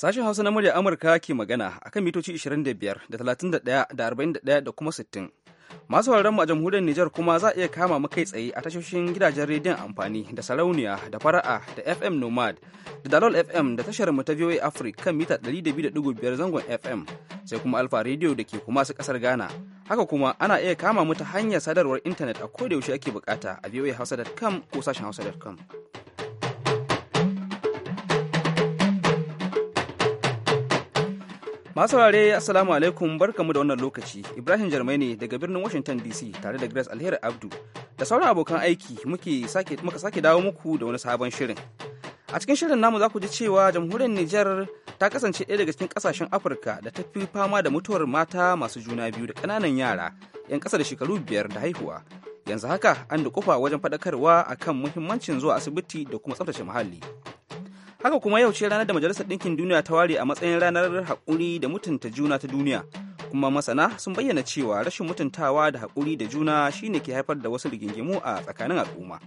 Sashen Hausa na murya Amurka ke magana akan mitoci 25 da 31 da 41 da kuma 60. Masu sauraron mu a jamhuriyar Nijar kuma za a iya kama mu kai tsaye a tashoshin gidajen rediyon amfani da sarauniya da fara'a da FM Nomad da Dalol FM da tashar mu ta VOA Africa kan mita 200.5 zangon FM sai kuma Alfa Radio da ke kuma su kasar Ghana. Haka kuma ana iya kama mu ta hanyar sadarwar intanet a ko yaushe ake bukata a voahausa.com ko sashen hausa.com. Masu saurare Assalamu alaikum barkamu da wannan lokaci. Ibrahim Jarmai ne daga birnin Washington DC tare da Grace Alheri Abdu da sauran abokan aiki muke sake sake dawo muku da wani sabon shirin. A cikin shirin namu za ku ji cewa jamhuriyar Nijar ta kasance ɗaya daga cikin ƙasashen Afirka da ta fi fama da mutuwar mata masu juna biyu da ƙananan yara 'yan ƙasa da shekaru biyar da haihuwa. Yanzu haka an da kufa wajen faɗakarwa akan muhimmancin zuwa asibiti da kuma tsaftace muhalli. haka kuma yau ce ranar da majalisar ɗinkin duniya ta ware a matsayin ranar haƙuri da mutunta juna ta duniya kuma masana sun bayyana cewa rashin mutuntawa da haƙuri da juna shine ke haifar da wasu rigingimu a tsakanin al'umma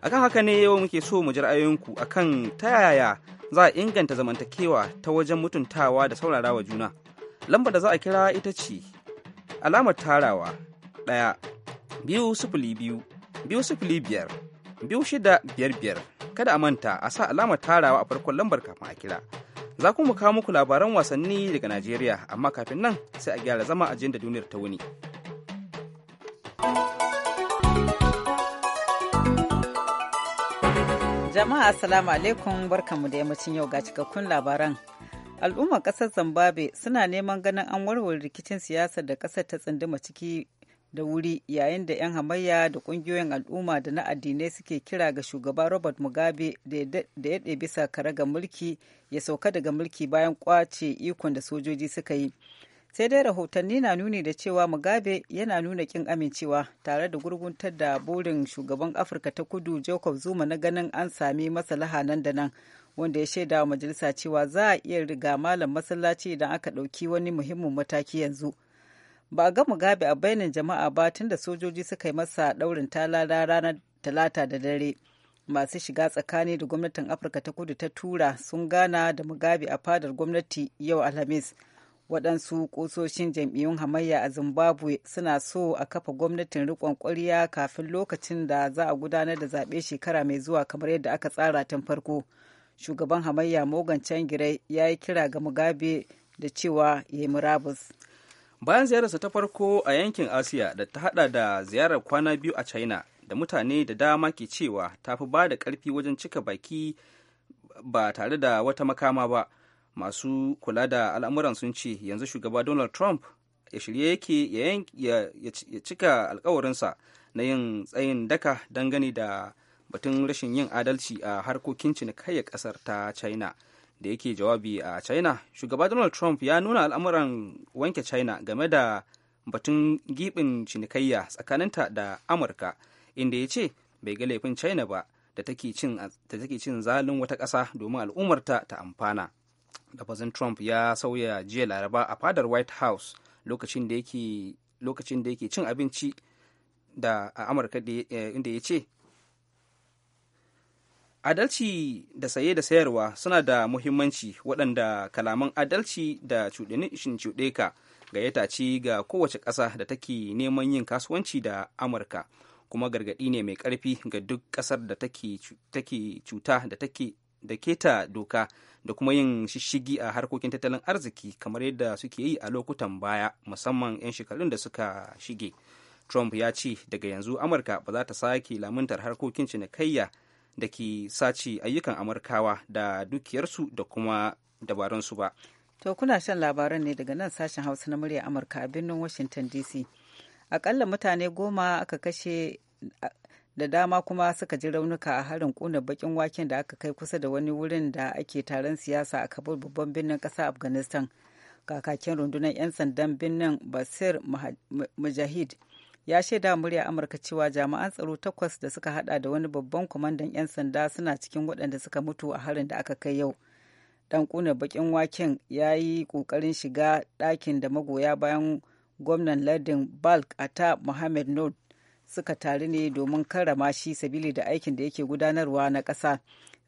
akan haka ne yau muke so mu ji ra'ayoyinku akan ta yaya za a inganta zamantakewa ta wajen mutuntawa da saurarawa juna lambar da za a kira ita ce alamar tarawa ɗaya biyu sifili biyu biyu sifili biyar biyu biyar kada a manta a sa alamar tarawa a farkon lambar kafin a kira za mu kawo muku labaran wasanni daga najeriya amma kafin nan sai a gyara zama a da duniyar ta wuni jama'a assalamu alaikum barkanmu da yammacin yau ga cikakkun labaran al'ummar ƙasar zimbabwe suna neman ganin an warware rikicin siyasar da ƙasar ta tsunduma ciki da wuri yayin da 'yan hamayya da kungiyoyin al'umma da na addinai suke kira ga shugaba robert mugabe da ya ɗebi sakara ga mulki ya sauka daga mulki bayan kwace ikon da sojoji suka yi sai dai rahotanni na nuni da cewa mugabe yana nuna kin amincewa tare da gurguntar da burin shugaban afirka ta kudu jacob zuma na ganin an sami masalaha nan da nan wanda ya shaidawa wa majalisa cewa za a iya riga malam masallaci idan aka ɗauki wani muhimmin mataki yanzu ba ga mugabe a bainin jama'a ba tun da sojoji suka yi masa daurin talala ranar talata da dare masu shiga tsakani da gwamnatin afirka ta kudu ta tura sun gana da mugabe a fadar gwamnati yau alhamis waɗansu ƙososhin jam'iyyun hamayya a zimbabwe suna so a kafa gwamnatin riƙon ƙwarya kafin lokacin da za a gudanar da zaɓe shekara mai zuwa kamar yadda aka tsara tun farko shugaban hamayya morgan cangirai ya yi kira ga mugabe da cewa ya yi murabus bayan ziyararsa ta farko a yankin asiya da ta hada da ziyarar kwana biyu a china da mutane da dama ke cewa ta fi ba da karfi wajen cika baki ba tare da wata makama ba masu kula da al'amuran sun ce yanzu shugaba donald trump ya shirye yake ya cika alkawarinsa na yin tsayin daka dangane da batun rashin yin adalci a harkokin cinikayyar kasar ta china da yake jawabi a china shugaba donald trump ya nuna al'amuran wanke china game da batun gibin cinikayya tsakaninta da amurka inda ya ce bai ga laifin china ba da take cin zalin wata ƙasa domin al'ummarta ta amfana lafazin trump ya sauya jiya laraba a fadar white house lokacin da yake cin abinci da a amurka eh, inda ya ce adalci da saye da sayarwa suna da muhimmanci waɗanda kalaman adalci da cuɗini shin cuɗe ka gayyata ce ga kowace ƙasa da take neman yin kasuwanci da amurka kuma gargaɗi ne mai ƙarfi ga duk ƙasar da take cuta da take da keta doka da kuma yin shishigi a harkokin tattalin arziki kamar yadda suke yi a lokutan baya musamman 'yan shekarun da suka shige trump ya ce daga yanzu amurka ba za ta sake lamuntar harkokin cinikayya da ke sace ayyukan amurkawa da dukiyarsu da kuma dabaransu ba to kuna shan labaran ne daga nan sashen hausa na murya amurka a birnin washington dc akalla mutane goma aka kashe da dama kuma suka ji raunuka a harin kuna bakin waken da aka kai kusa da wani wurin da ake taron siyasa a kabul babban birnin ƙasa afghanistan kakakin rundunar 'yan sandan birnin basir mujahid ya shaida murya amurka cewa jami'an tsaro takwas da suka hada da wani babban kwamandan 'yan sanda suna cikin waɗanda suka mutu a harin da aka kai yau dan kuna bakin waken ya yi ƙoƙarin shiga ɗakin da magoya bayan gwamnan lardin balk ta mohamed nod suka taru ne domin karrama shi sabili da aikin da yake gudanarwa na ƙasa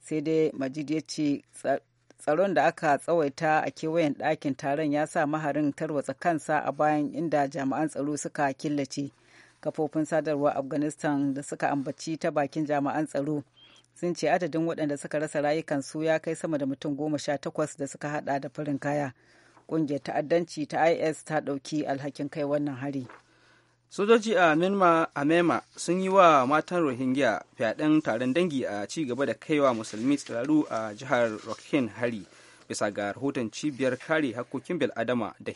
sai dai majid ya ce tsaron da aka tsawaita a kewayen ɗakin taron ya sa maharin tarwatsa kansa a bayan inda jami'an tsaro suka killace. kafofin sadarwar afghanistan da suka ambaci ta bakin jami'an tsaro sun ce adadin waɗanda suka rasa rayukansu ya kai sama da mutum goma sha takwas da suka hada da farin kaya ƙungiyar ta'addanci ta is ta ɗauki alhakin kai wannan hari sojoji a minma a mema sun yi wa matan rohingya fyaɗen taron dangi a ci gaba da kaiwa musulmi tsiraru a jihar rokin hari bisa ga rahoton cibiyar kare hakokin bil'adama da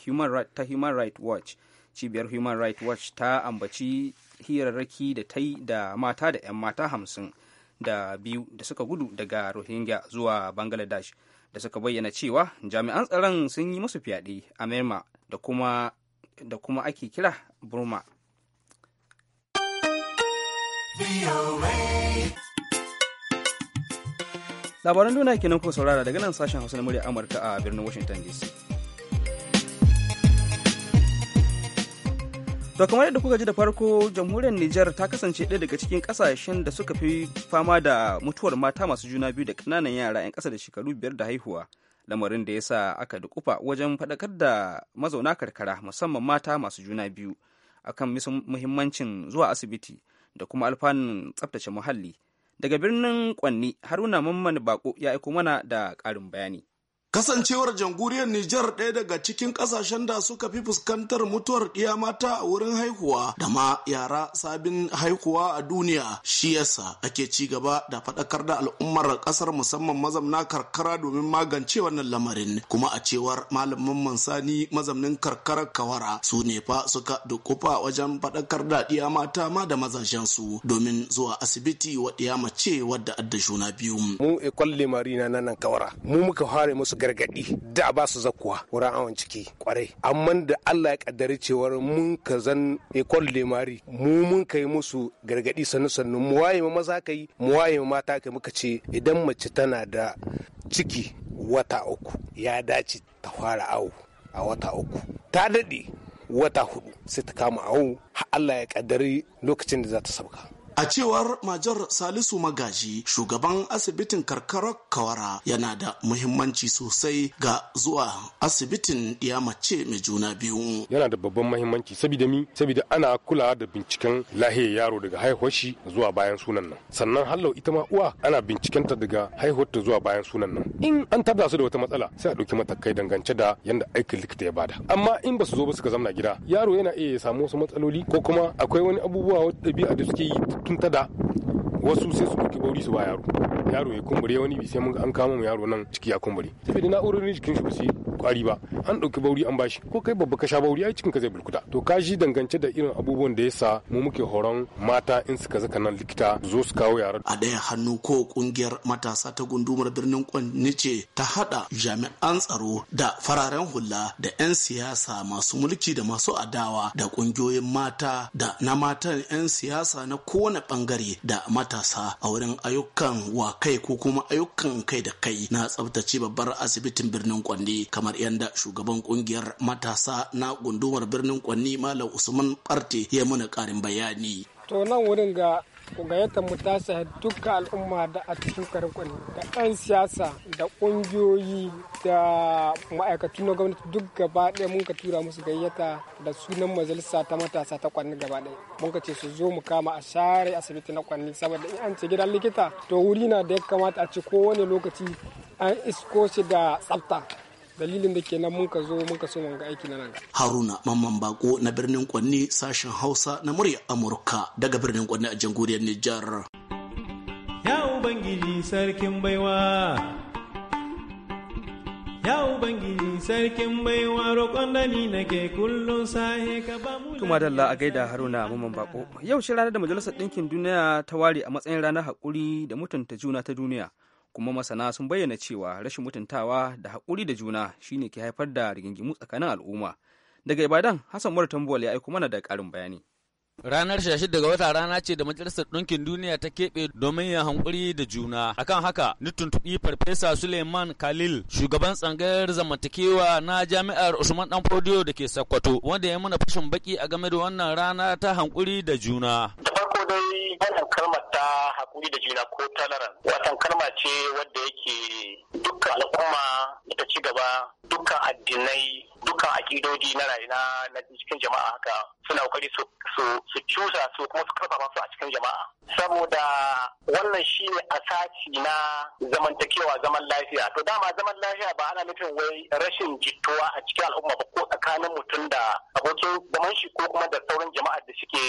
ta human rights watch cibiyar human rights watch ta ambaci hirarraki da ta yi da mata da 'yan mata hamsin da biyu da suka gudu daga rohingya zuwa bangladesh da suka bayyana cewa jami'an tsaron sun yi musu fyaɗe a da kuma da kuma ake kira burma labaran duniya kenan kuka saurara daga nan sashen hausa na murya amurka a birnin washington dc To kamar yadda kuka ji da farko jamhuriyar Nijar ta kasance ɗaya daga cikin ƙasashen da suka fi fama da mutuwar mata masu juna biyu da ƙananan yara 'yan ƙasa da shekaru biyar da haihuwa. Lamarin da ya sa aka dukufa wajen faɗakar da mazauna karkara musamman mata masu juna biyu akan muhimmancin zuwa asibiti da kuma alfanun tsaftace muhalli. Daga birnin Kwanni Haruna Mamman Bako ya aiko mana da ƙarin bayani. Kasancewar jamhuriyar Nijar ɗaya daga cikin ƙasashen da suka fi fuskantar mutuwar ɗiya mata a wurin haihuwa da ma yara sabin haihuwa a duniya shi yasa ake ci gaba da faɗakar da al'ummar ƙasar musamman mazamna karkara domin magance wannan lamarin kuma a cewar malamin mansani mazamnin karkara kawara su ne fa suka dukufa wajen faɗakar da ɗiya mata ma da mazajen su domin zuwa asibiti wa ɗiya mace wadda adda juna biyu. Mu ikon marina nan kawara mu muka fara musu gargadi da ba su zakuwa wurin awon ciki kwarai amma da Allah ya kaddari cewar mun ka zan ekol lemari mu mun kai musu gargadi sannu sannu mu waye maza kai mu waye mata kai muka ce idan mace tana da ciki wata uku ya dace ta fara awo a wata uku ta daɗe wata hudu sai ta kama awo Allah ya kaddari lokacin da za ta sauka A cewar Majar Salisu Magaji, shugaban asibitin karkarar Kawara yana da muhimmanci sosai ga zuwa asibitin ya mace mai juna biyu. Yana da babban muhimmanci saboda mi, saboda ana kula da binciken lahiyar yaro daga haihuwar shi zuwa bayan sunan nan. Sannan hallau ita ma uwa ana binciken ta daga haihuwarta zuwa bayan sunan nan. In an tabda su da wata matsala sai a ɗauki matakai dangance da yanda aikin likita ya bada. Amma in ba su zo ba suka zamna gida, yaro yana iya samu wasu matsaloli ko kuma akwai wani abubuwa wadda ɗabi'a da suke yi Quinta da wasu sai su ɗauki bauri su ba yaro yaro ya kumbure wani bi sai mun an kama mu yaro nan ciki ya kumbure saboda urin jikin shi ba su kwari ba an ɗauki bauri an bashi ko kai babba ka sha bauri ai cikin ka zai bulkuta to ka shi dangance da irin abubuwan da ya sa mu muke horon mata in suka zaka nan likita zo su kawo yara a daya hannu ko kungiyar matasa ta gundumar birnin kwanni ce ta hada jami'an tsaro da fararen hula da 'yan siyasa masu mulki da masu adawa da kungiyoyin mata da na matan 'yan siyasa na kowane bangare da mata matasa a wurin ayyukan wa kai ko kuma ayyukan kai da kai na tsabtace babbar asibitin birnin Kwanne kamar yadda shugaban kungiyar matasa na gundumar birnin Kwanne Malam Usman Barte ya muna karin bayani. To nan wurin ga ku gayyata mu ta duka al'umma da a cikin karkon da 'yan siyasa da ƙungiyoyi da ma'aikatu na gwamnati duk gaba ɗaya mun ka tura musu gayyata da sunan majalisa ta matasa ta kwanni gaba ɗaya mun ka ce su zo mu kama a share asibiti na kwanni saboda in an ce gidan likita to wuri na da ya kamata a ce kowane lokaci an isko shi da tsafta dalilin da nan mun ka zo mun ka so mun ga aiki na nan haruna mamman bako na birnin kwanni sashen hausa na murya amurka daga birnin kwanni a jamhuriyar nijar ya ubangiji sarkin baiwa Ya Ubangiji sarkin baiwa roƙon da ni nake kullum sahe ka ba mu Tuma dalla a gaida Haruna Mamman Bako. Yau shi ranar da Majalisar Ɗinkin Duniya ta ware a matsayin ranar haƙuri da mutunta juna ta duniya. kuma masana sun bayyana cewa rashin mutuntawa da haƙuri da juna shine ke haifar da rigingimu tsakanin al'umma daga ibadan hassan mura tambuwal ya aiko mana da ƙarin bayani Ranar shashi daga wata rana ce da Majalisar Ɗinkin Duniya ta keɓe domin yin hankuri da juna. Akan haka, ni tuntuɓi Farfesa Suleiman Khalil, shugaban tsangayar zamantakewa na Jami'ar Usman Dan Fodiyo da ke Sokoto, wanda ya mana fashin baki a game da wannan rana ta hankuri da juna. dai wannan kalmar ta hakuri da juna ko talaran watan kalma ce wadda yake dukkan al'umma da ta ci gaba dukkan addinai dukkan akidodi na rayuwa na cikin jama'a haka suna kokari su cusa su kuma su karfafa su a cikin jama'a saboda wannan shi ne asaci na zamantakewa zaman lafiya to dama zaman lafiya ba ana nufin wai rashin jituwa a cikin al'umma ba ko tsakanin mutum da abokin zaman shi ko kuma da sauran jama'a da suke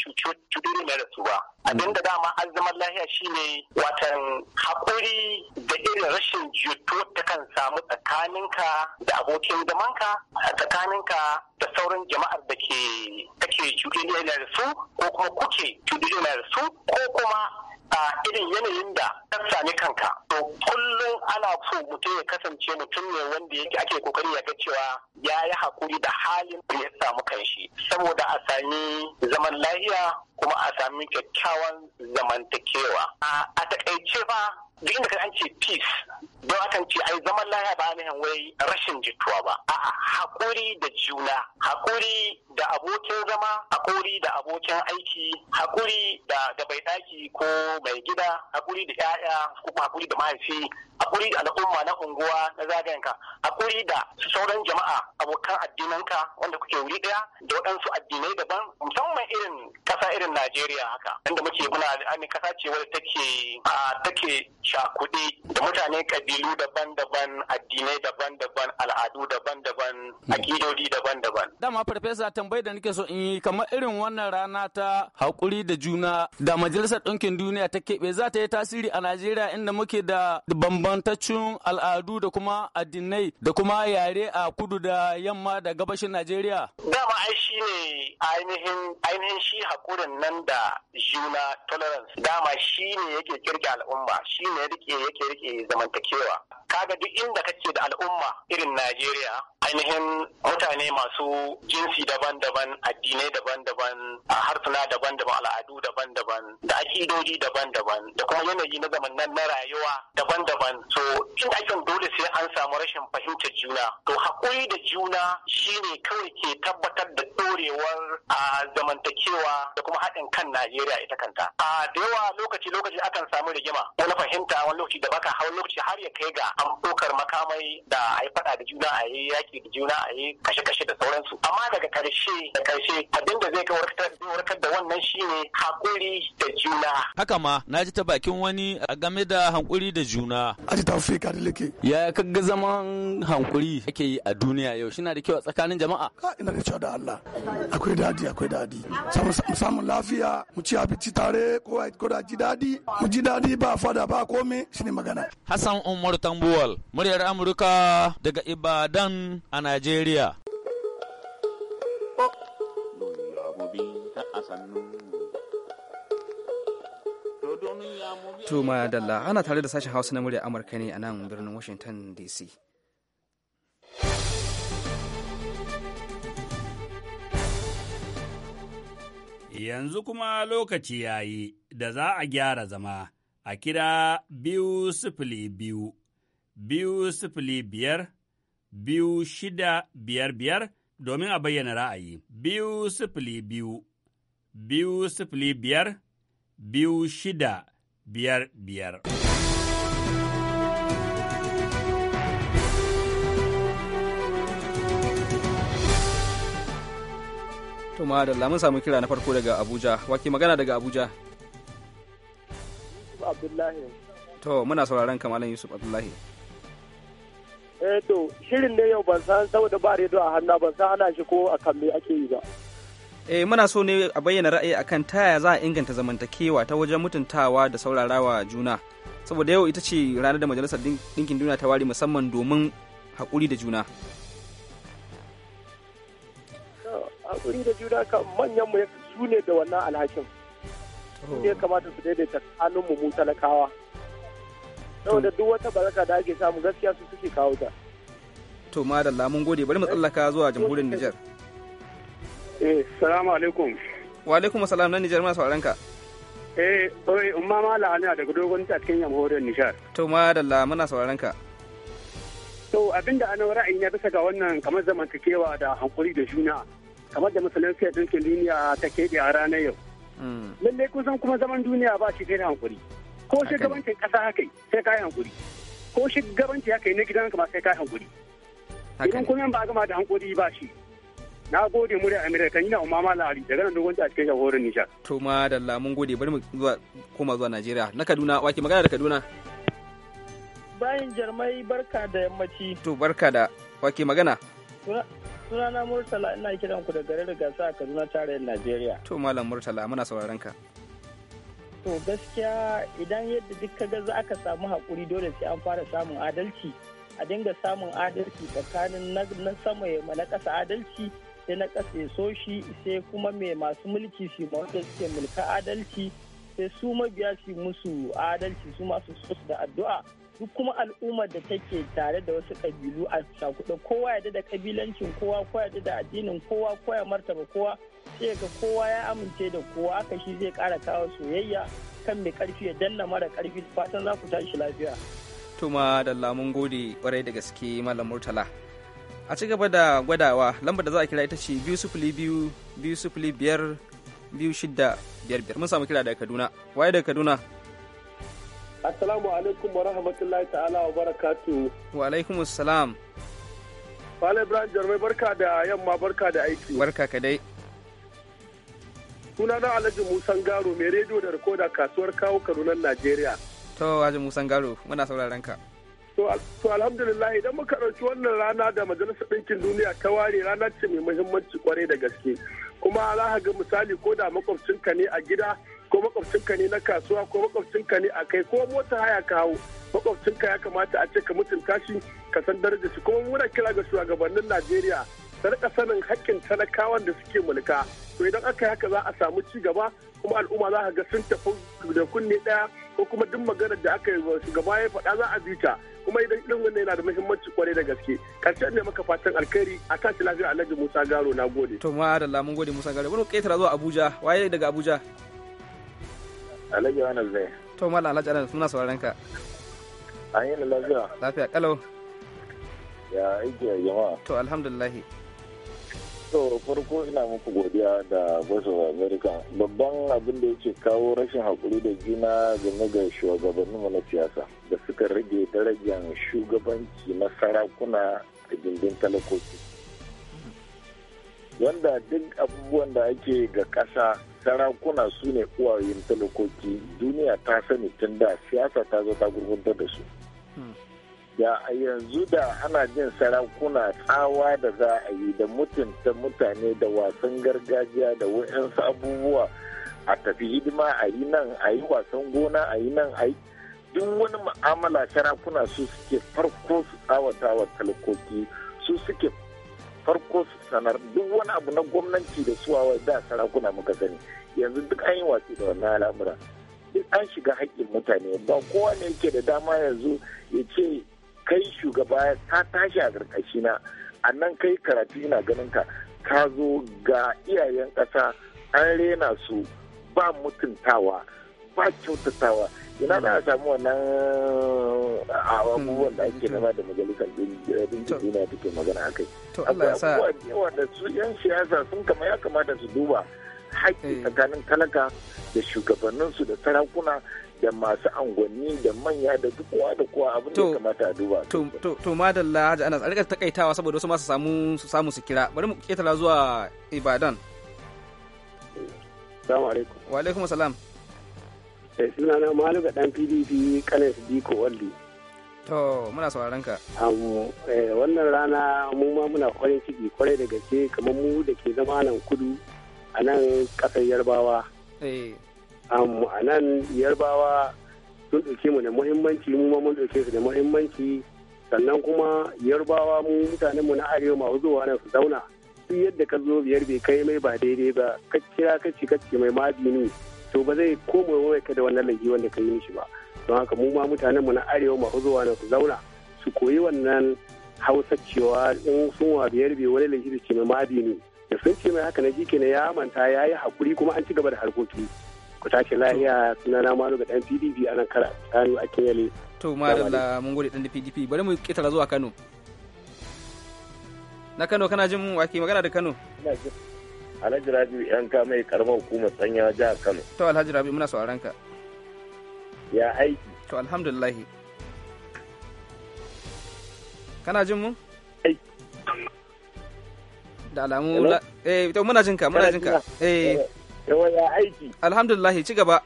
suke tuduri mai ba abinda dama an zaman lahiya shine watan hakuri da irin rashin jituwar ta kan samu tsakaninka da abokin zamanka a tsakaninka da sauran jama'ar da ke kake cuɗe da su ko kuma kuke cuɗe da su ko kuma a irin yanayin da ka sami kanka to kullum ana so mutum ya kasance mutum ne wanda yake ake kokari ya ga cewa ya yi hakuri da halin da ya samu kanshi saboda a sami zaman lafiya kuma a sami kyakkyawan zamantakewa a takaice ba. duk da an ce peace don akan ce ai zaman lahiya ba ne wai rashin jituwa ba a'a hakuri da juna hakuri da abokin zama hakuri da abokin aiki hakuri da bai daki ko mai gida hakuri da yaya ko hakuri da mahaifi hakuri da al'umma na unguwa na zagayenka hakuri da sauran jama'a abokan addinanka wanda kuke wuri daya da waɗansu addinai daban musamman irin kasa irin Najeriya haka inda muke muna kasa ce wadda take take kuɗi da mutane kabilu daban-daban addinai daban-daban al'adu daban-daban hmm. akidodi daban-daban dama farfesa tambayi da nake so in yi kamar irin wannan rana ta haƙuri da juna da majalisar ɗinkin duniya ta keɓe za ta yi tasiri a najeriya inda muke da bambantaccen al'adu da kuma addinai da kuma yare a kudu da yamma da gabashin najeriya dama ai shi ne ainihin ainihin shi haƙurin nan da juna tolerance dama shi ne yake kirki al'umma shi ya rike yake rike zamantakewa kaga duk inda kake da al'umma irin Najeriya ainihin mutane masu jinsi daban-daban addinai daban-daban a harsuna daban-daban ƙa'idodi daban-daban da kuma yanayi na zaman nan na rayuwa daban-daban so cin aikin dole sai an samu rashin fahimtar juna to haƙuri da juna shine kawai ke tabbatar da ɗorewar a zamantakewa da kuma haɗin kan Najeriya ita kanta a da yawa lokaci lokaci akan samu rigima wani fahimta wani lokaci da baka hau lokaci har ya kai ga an ɗaukar makamai da a yi faɗa da juna a yi yaƙi da juna a yi kashe-kashe da sauransu amma daga ƙarshe da ƙarshe abinda zai warkar da wannan shine haƙuri da juna juna. Haka ma na ji ta bakin wani a game da hankuri da juna. Aji ta fi da lake. Ya kaga zaman hankuri ake yi a duniya yau shi na da kyau a tsakanin jama'a. Ka ina da cewa da Allah akwai dadi akwai dadi. Samun lafiya mu ci abinci tare ko da ji dadi mu ji dadi ba fada ba komai shi ne magana. Hassan Umar Tambuwal muryar Amurka daga Ibadan a Najeriya. sannu Tuma Dalla, ana tare da sashen Hausa na murya Amurka ne a nan birnin Washington DC. Yanzu kuma lokaci ya yi da za a gyara zama a kira biyu sifili biyu, biyu sifili biyar, biyu shida biyar biyar domin a bayyana ra'ayi. Biyu sifili biyu, biyu sifili biyar, biyu shida biyar biyar. Tuma da lamun samun kira na farko daga Abuja, wake magana daga Abuja. Abdullahi. To, muna sauraron kamalan Yusuf Abdullahi. Eh to, shirin ne yau ban san saboda ba redo a hannu ban san ana shi ko a kan me ake yi ba. eh muna so ne a bayyana ra'ayi akan ta yaya za a inganta zamantakewa ta wajen mutuntawa da saurarawa juna saboda yau ita ce ranar da majalisar ɗinkin duniya ta ware musamman domin haƙuri da juna haƙuri da juna kan manyan mu su ne da wannan alhakin su ne kamata su daidaita tsanin mu mu talakawa saboda duk wata baraka da ake samu gaskiya su suke kawo ta to madalla mun gode bari mu tsallaka zuwa jamhuriyar Nijar. Eh, salamu alaikum. Wa alaikum salam nan Nijar muna sauraron ka. Eh, oi, umma mala ana daga dogon ta cikin jamhuriyar Nijar. To madalla muna sauraron ka. To abinda ana ra'ayi na bisa ga wannan kamar zamantakewa da hankuri da juna kamar da musulun fiye dinkin duniya ta keɓe a ranar yau. Hmm. Lallai kusan kuma zaman duniya ba shi da hankuri. Ko shugabancin ƙasa haka sai ka yi hankuri. Ko shugabanci haka na gidan ka ma sai ka yi hankuri. Idan kuma ba gama da hankuri ba shi. na gode murya amerika kan yi na umama la'ari daga nan dogon a cikin shahorin nishar to ma da lamun gode bari mu zuwa koma zuwa najeriya na kaduna wake magana da kaduna bayan jarmai barka da yammaci to barka da wake magana sunana murtala ina kiran ku da garin gasa a kaduna tarayyar najeriya to malam murtala muna sauraron ka to gaskiya idan yadda duk kaga za aka samu haƙuri dole sai an fara samun adalci a dinga samun adalci tsakanin na sama ya na ƙasa adalci sai na ƙasa ya sai kuma mai masu mulki su ma wanda suke mulka adalci sai su mabiya su musu adalci su masu da addu'a duk kuma al'ummar da take tare da wasu kabilu a shakuɗa kowa ya da kabilancin kowa kowa ya da addinin kowa ko ya martaba kowa sai ga kowa ya amince da kowa aka shi zai kara kawo soyayya kan mai ƙarfi ya danna mara ƙarfi fatan za ku tashi lafiya. Tuma da lamun gode kwarai da gaske Malam Murtala. a ci gaba da gwadawa lambar da za a kira ita ce biyu sufuli biyu biyu sufuli biyar biyu shidda biyar biyar mun samu kira daga kaduna waye daga kaduna assalamu alaikum wa rahmatullahi ta'ala wa barakatu wa alaikum assalam fale Ibrahim Jarmai barka da yamma barka da aiki. Barka ka dai. Sunana Alhaji Musan Garo mai rediyo da rikoda kasuwar kawo Kaduna Najeriya. To Alhaji Musan Garo muna sauraron ka. To alhamdulillah idan muka ɗauki wannan rana da majalisar ɗinkin duniya ta ware rana ce mai muhimmanci kwarai da gaske. Kuma za ga misali ko da makwabcinka ne a gida ko makwabcinka ne na kasuwa ko makwabcinka ne a kai ko mota haya ka hau makwabcinka ya kamata a ce ka mutunta shi ka san darajar shi kuma muna kira ga shugabannin Najeriya ta sanin hakkin talakawan da suke mulka to idan aka yi haka za a samu ci gaba kuma al'umma za ka ga sun tafi da kunne ɗaya ko kuma duk maganar da aka yi shugaba ya faɗa za a bi ta kuma idan irin wannan yana da muhimmanci kwarai da gaske karshen ne maka fatan alkhairi a tashi lafiya alhaji musa garo na gode to ma da lamun gode musa garo wani ƙetara zuwa abuja waye daga abuja alhaji wani zai to mala alhaji anan suna sauran ka an yi lafiya lafiya kalau ya aiki a jama'a to alhamdulillah to farko ina muku godiya da voice of america babban abin da yake kawo rashin hakuri da juna game ga shugabanninmu na siyasa da suka rage darajar shugabanci na sarakuna a gindin talakoki wanda duk abubuwan da ake ga ƙasa sarakuna su ne uwayen talakoki duniya ta sani tun da siyasa ta zo ta gurguntar da su hmm. da a yanzu da ana jin sarakuna tsawa da za a yi da mutunta mutane da wasan gargajiya da wa'yansu abubuwa a tafi hidima a yi nan a yi wasan gona a yi nan a yi duk wani mu'amala sarakuna su suke farko su tsawata wa talakoki su suke farko su sanar duk wani abu na gwamnati da suwawa da sarakuna muka sani yanzu duk an yi watsi da wannan al'amura duk an shiga haƙƙin mutane ba kowa ne yake da dama yanzu ya ce kai shugaba ta tashi a ƙarƙashi na a nan kai karatu yana ganin ka ka zo ga iyayen ƙasa an rena su ba mutuntawa ba kyautatawa ina da a samu wannan abubuwan da ake nema da majalisar dinkin eh, duniya take magana a kai. To Allah Abubuwa da su 'yan siyasa sun kama ya kamata su duba haƙƙi eh. tsakanin talaka da shugabanninsu da sarakuna da masu angonni da manya da duk kowa da kowa abin da kamata a duba to to madalla haji anas a rika takaitawa saboda wasu masu samu su samu su kira bari mu ketara zuwa ibadan assalamu alaikum wa alaikum assalam sai eh, suna na malu dan pdp kanin diko walli to muna sauraron ka eh, wannan rana mu ma muna kwarin ciki kwarai da gaske kamar mu da ke zama nan kudu a nan ƙasar yarbawa eh. a nan yarbawa sun ɗauke mu da muhimmanci mu ma mun ɗauke su da muhimmanci sannan kuma yarbawa mu mutanen mu na arewa masu zuwa nan su zauna duk yadda ka zo biyar bai kai mai ba daidai ba ka kira ka ci ka ci mai madini to ba zai komai wai ka da wannan laifi wanda ka yi mishi ba don haka mu ma mutanen mu na arewa masu zuwa nan su zauna su koyi wannan hausa cewa in sun wa biyar bai wani laifi da ce mai madini da sun ce mai haka na jike ne ya manta ya yi haƙuri kuma an ci gaba da harkoki ku tashi lahiya suna na malu ga dan pdp a nan kara kano a kinyale to madalla mun gode dan pdp bari mu kitara zuwa kano na kano kana jin mun wake magana da kano alhaji rabi yan ka mai karamar hukumar sanya jihar kano to alhaji rabi muna sauran ka ya aiki to alhamdulillah kana jin mun da alamu eh to muna jin ka muna jin ka eh yawa eh, ya aiki alhamdulillah ci gaba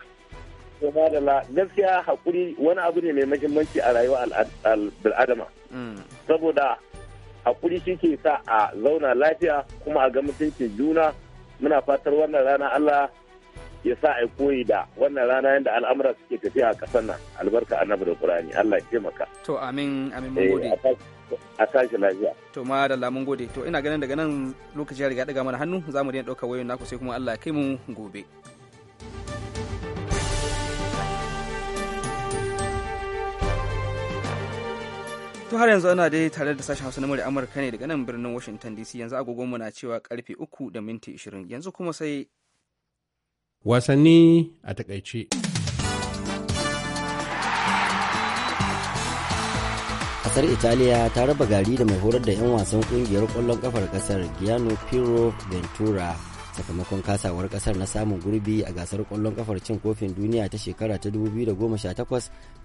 gaba da gaskiya hakuri wani abu ne mai muhimmanci a rayuwar adama mm. saboda hakuri shi ke sa a zauna lafiya kuma a ga mutunci juna muna fatar wannan rana Allah ya sa a koyi da wannan rana yadda al'amura suke tafiya a ƙasar nan albarka annabi da qur'ani Allah ya taimaka to amin amin mun eh, gode a sashi lafiya to ma da lamun gode to ina ganin daga nan lokaci ya riga daga mana hannu za mu daina ɗauka wayoyin naku sai kuma Allah ya kai mu gobe To har yanzu ana dai tare da sashen Hausa na murya Amurka ne daga nan birnin Washington DC yanzu agogonmu na cewa karfe uku da minti ishirin yanzu kuma sai wasanni a takaice. kasar italiya ta raba gari da mai horar da 'yan wasan kungiyar kwallon kafar kasar giano piro ventura sakamakon kasawar kasar na samun gurbi a gasar kwallon kafar cin kofin duniya ta shekara ta 2018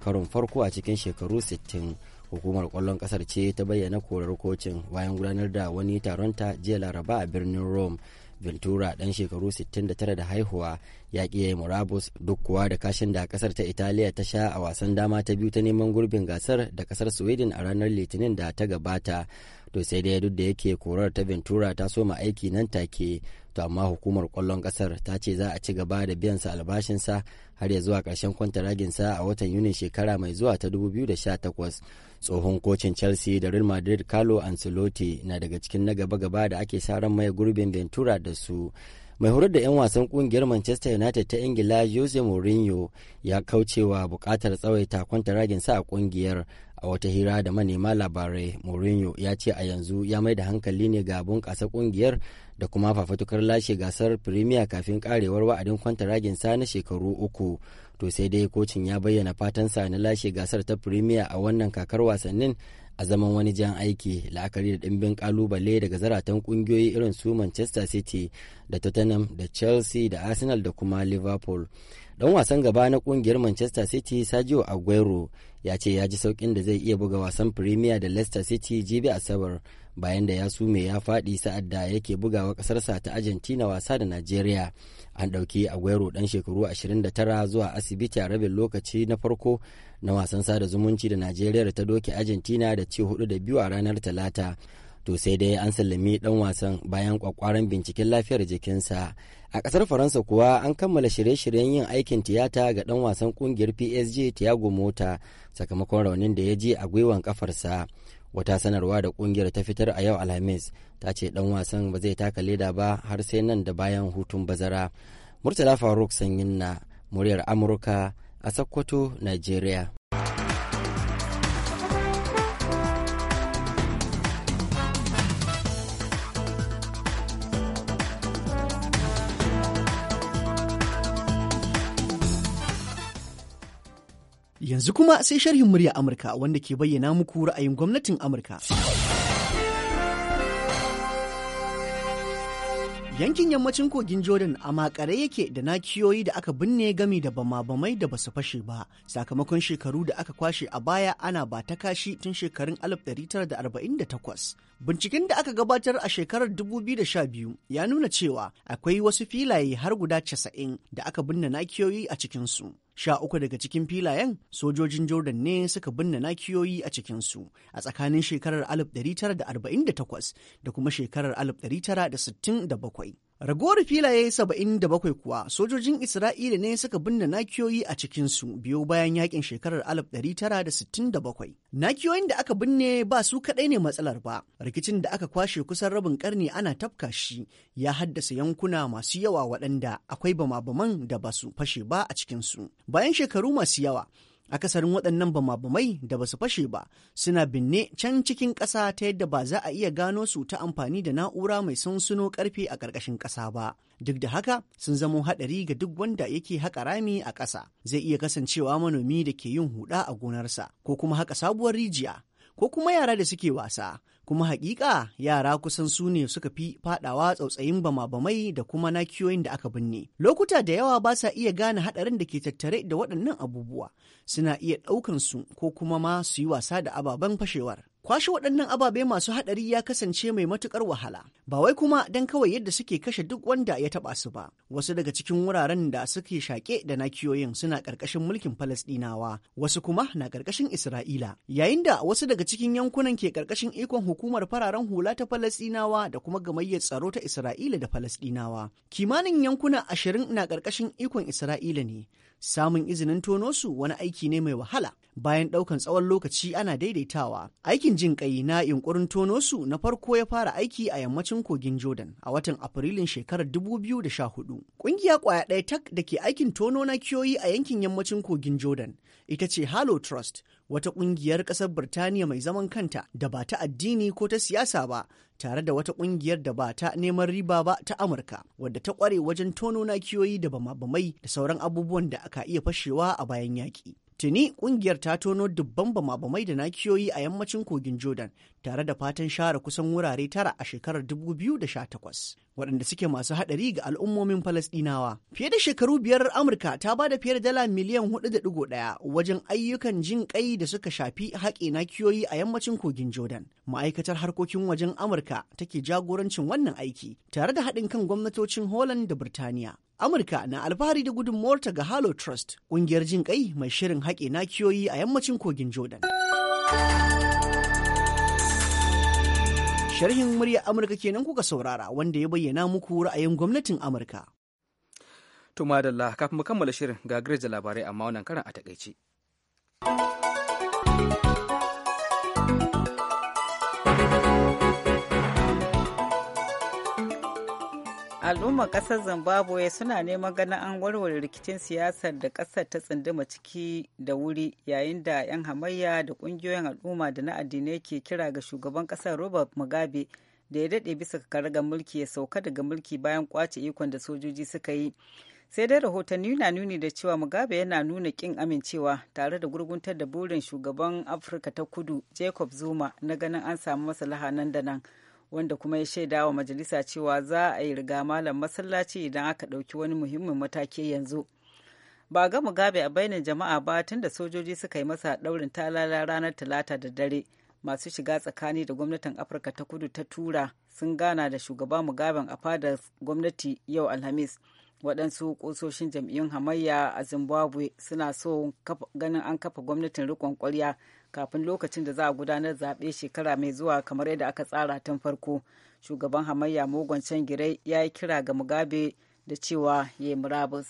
karon farko a cikin shekaru 60 hukumar kwallon kasar ce ta bayyana korar kocin bayan gudanar da wani taron ta jiya laraba a birnin rome ventura dan shekaru 69 da haihuwa ya kiye murabus duk kuwa da kashin da kasar ta italiya ta sha a wasan dama ta biyu ta neman gurbin gasar da kasar sweden a ranar litinin da ta gabata to sai dai duk da yake korar ta ventura ta so ma aiki nan take to amma hukumar kwallon kasar ta ce za a ci gaba da biyan sa albashinsa har ya zuwa ƙarshen sa a watan yunin shekara mai zuwa ta 2018 tsohon kocin chelsea da real madrid carlo ancelotti na daga cikin na gaba-gaba da ake sa ran mai gurbin ventura da su mai horar da 'yan wasan kungiyar manchester united ta ingila jose mourinho ya kaucewa bukatar tsawaita sa a kungiyar a wata hira da manema labarai mourinho ya ce a yanzu ya mai da hankali ne ga bunƙasa kungiyar da kuma fafatukar lashe gasar premier kafin karewar wa'adin kwanta sa na shekaru uku to sai dai kocin ya bayyana fatan sa na lashe gasar ta premier a wannan kakar wasannin a zaman wani jan aiki la'akari da ɗimbin kalubale daga zaratan kungiyoyi irin su manchester city da tottenham da chelsea da arsenal da kuma liverpool dan wasan gaba na kungiyar manchester city Sergio aguero ya ce ya ji saukin da zai iya buga wasan premier da leicester city jibi asabar bayan da ya sume ya faɗi sa'ad da yake bugawa ƙasarsa ta argentina wasa da nigeria an ɗauki aguero ɗan shekaru 29 zuwa asibiti a rabin lokaci na farko na wasan sada zumunci da nigeria ta doke argentina da ci 4 da biyu a ranar talata to sai dai an sallami dan wasan bayan kwakwaran binciken lafiyar jikinsa a kasar faransa kuwa an kammala shirye-shiryen yin aikin tiyata ga dan wasan kungiyar psg tiago mota sakamakon raunin da ya ji a gwiwan kafarsa wata sanarwa da kungiyar ta fitar a yau alhamis ta ce dan wasan ba zai taka leda ba har sai nan da bayan hutun bazara murtala faruk sanyin na muryar amurka a sokoto nigeria Yanzu kuma sai sharhin murya Amurka wanda ke bayyana muku ra'ayin gwamnatin Amurka. Yankin yammacin kogin Jordan a makare yake da nakiyoyi da aka binne gami da bama-bamai da basu fashe ba, sakamakon shekaru da aka kwashe a baya ana ba ta kashi tun shekarun 1948. Binciken da aka gabatar a shekarar 2012 ya nuna cewa akwai wasu filaye har guda 90 da aka binne nakiyoyi a cikinsu. Sha uku daga cikin filayen sojojin Jordan ne suka binne nakiyoyi a cikinsu a tsakanin shekarar 1948 da kuma shekarar 1967. Ragowar filaye bakwai kuwa sojojin Isra'ila ne suka binne nakiyoyi a cikinsu biyo bayan yakin shekarar 1967. Nakiyoyin da aka binne ba su kaɗai ne matsalar ba, rikicin da aka kwashe kusan rabin ƙarni ana tafka shi ya haddasa yankuna masu yawa waɗanda akwai bama-baman da ba su fashe ba a cikinsu. Bayan shekaru masu yawa, akasarin waɗannan bamabamai bamai da ba su fashe ba suna binne can cikin ƙasa ta yadda ba za a iya gano su ta amfani da na'ura mai sansuno ƙarfe a ƙarƙashin ƙasa ba duk da haka sun zamo haɗari ga duk wanda yake haƙa rami a ƙasa zai iya kasancewa manomi da ke yin huɗa a gonarsa ko kuma haƙa sabuwar rijiya ko kuma yara da suke wasa kuma hakika yara kusan su ne suka fi fadawa tsautsayin bama-bamai da kuma nakiyoyin da aka binne lokuta da yawa ba sa iya gane hadarin da ke tattare da waɗannan abubuwa suna iya ɗaukan su ko kuma ma su yi wasa da ababen fashewar Kwashe waɗannan ababe masu haɗari ya kasance mai matuƙar wahala, ba wai kuma don kawai yadda suke kashe duk wanda ya taɓa su ba. Wasu daga cikin wuraren da suke shaƙe da nakiyoyin suna ƙarƙashin mulkin Falasɗinawa, wasu kuma na ƙarƙashin Isra'ila. Yayin da wasu daga cikin yankunan ke ƙarƙashin ikon hukumar fararen hula ta Falasɗinawa da kuma gamayyar tsaro ta Isra'ila da Falasɗinawa. Kimanin yankuna ashirin na ƙarƙashin ikon Isra'ila ne. Samun izinin tono su wani aiki ne mai wahala. bayan ɗaukan tsawon lokaci ana daidaitawa. Aikin jin ƙai na yunƙurin tono su na farko ya fara aiki a yammacin kogin Jordan a watan Afrilun shekarar 2014. Ƙungiya ƙwaya ɗaya tak da ke aikin tono na kiyoyi a yankin yammacin kogin Jordan ita ce Halo Trust, wata ƙungiyar ƙasar Birtaniya mai zaman kanta da ba ta addini ko ta siyasa ba, tare da wata ƙungiyar da ba ta neman riba ba ta Amurka, wadda ta ƙware wajen tono na kiyoyi da bama-bamai da sauran abubuwan da aka iya fashewa a bayan yaƙi. Tuni kungiyar ta tono dubban bama da nakiyoyi a yammacin kogin Jordan tare da fatan share kusan wurare tara a shekarar 2018 waɗanda suke masu haɗari ga al'ummomin Falasɗinawa. Fiye da shekaru biyar Amurka ta ba da fiye da dala miliyan 4.1 wajen ayyukan jin ƙai da suka shafi haƙe nakiyoyi a yammacin kogin Jordan. Ma'aikatar harkokin wajen Amurka take jagorancin wannan aiki tare da haɗin kan gwamnatocin Holland da Birtaniya. Amurka na alfahari da gudunmuwarta ga Halo Trust, ƙungiyar jin kai mai shirin haƙe na kiyoyi a yammacin kogin Jordan. Sharhin murya Amurka kenan kuka saurara wanda ya bayyana muku ra'ayin gwamnatin Amurka. To madalla kafin mu kammala shirin ga da labarai amma wannan karan a takaice. al'ummar kasar zimbabwe suna neman ganin an warware rikicin siyasar da kasar ta tsunduma ciki da wuri yayin da 'yan hamayya da kungiyoyin al'umma da na addinai ke kira ga shugaban kasar robert mugabe da ya daɗe bisa karaga mulki ya sauka daga mulki bayan kwace ikon da sojoji suka yi sai dai rahotanni na nuni da cewa mugabe yana nuna kin amincewa tare da gurguntar da burin shugaban afirka ta kudu jacob zuma na ganin an samu masalaha nan da nan wanda kuma ya shaida wa majalisa cewa za a yi riga malam masallaci idan aka ɗauki wani muhimmin mataki yanzu ba ga mugabe a bainin jama'a ba tun da sojoji suka yi masa ɗaurin talala ranar talata da dare masu shiga tsakani da gwamnatin afirka ta kudu ta tura sun gana da shugaba mugaben a fadar gwamnati yau alhamis waɗansu ƙososhin jam'iyyun hamayya a zimbabwe suna so ganin an kafa gwamnatin riƙon ƙwarya kafin lokacin da za a gudanar zaɓe shekara mai zuwa kamar yadda aka tsara tun farko shugaban hamayya mugun girai ya yi kira ga mugabe da cewa ya yi murabus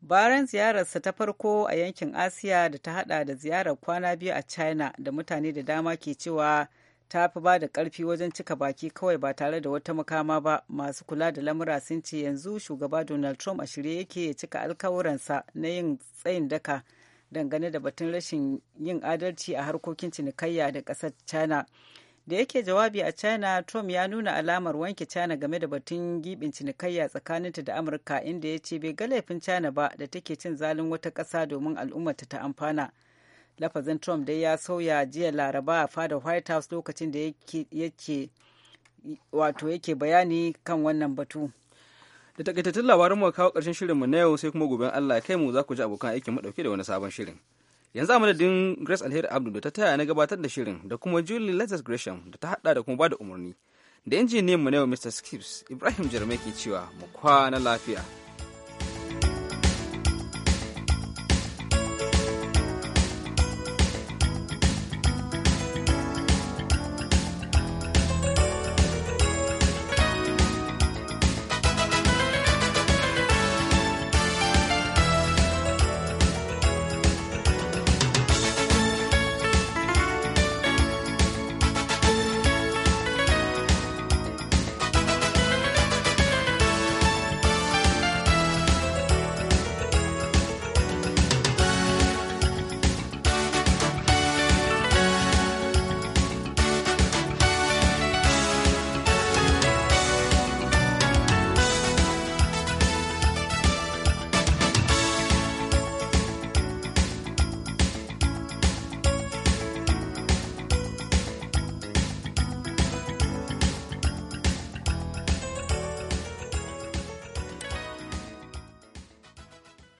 baran ziyararsa ta farko a yankin asiya da ta hada da ziyarar kwana biyu a china da mutane da dama ke cewa ta fi ba da karfi wajen cika baki kawai ba tare da wata makama ba masu kula da lamura sun ce yanzu shugaba donald trump a shirye yake ya cika alkawuransa na yin tsayin daka dangane da batun rashin yin adalci a harkokin cinikayya da ƙasar china da yake jawabi a china trump ya nuna alamar wanke china game da batun gibin cinikayya tsakaninta da amurka inda ya ce bai ga laifin china ba da take cin zalin wata ƙasa domin al'ummata ta amfana lafazin trump dai ya sauya jiya laraba a fadar white house lokacin da yake wato yake bayani kan wannan batu da takaitattun labarin mu kawo karshen shirin mu na yau sai kuma gobe Allah kai mu za ku ji abokan aikin mu dauke da wani sabon shirin yanzu a madadin Grace Alheri Abdu da ta taya na gabatar da shirin da kuma Julie Letters Gresham da ta hada da kuma bada umarni da injiniyan mu na yau Mr. Skips Ibrahim Jarmai ke cewa mu kwana lafiya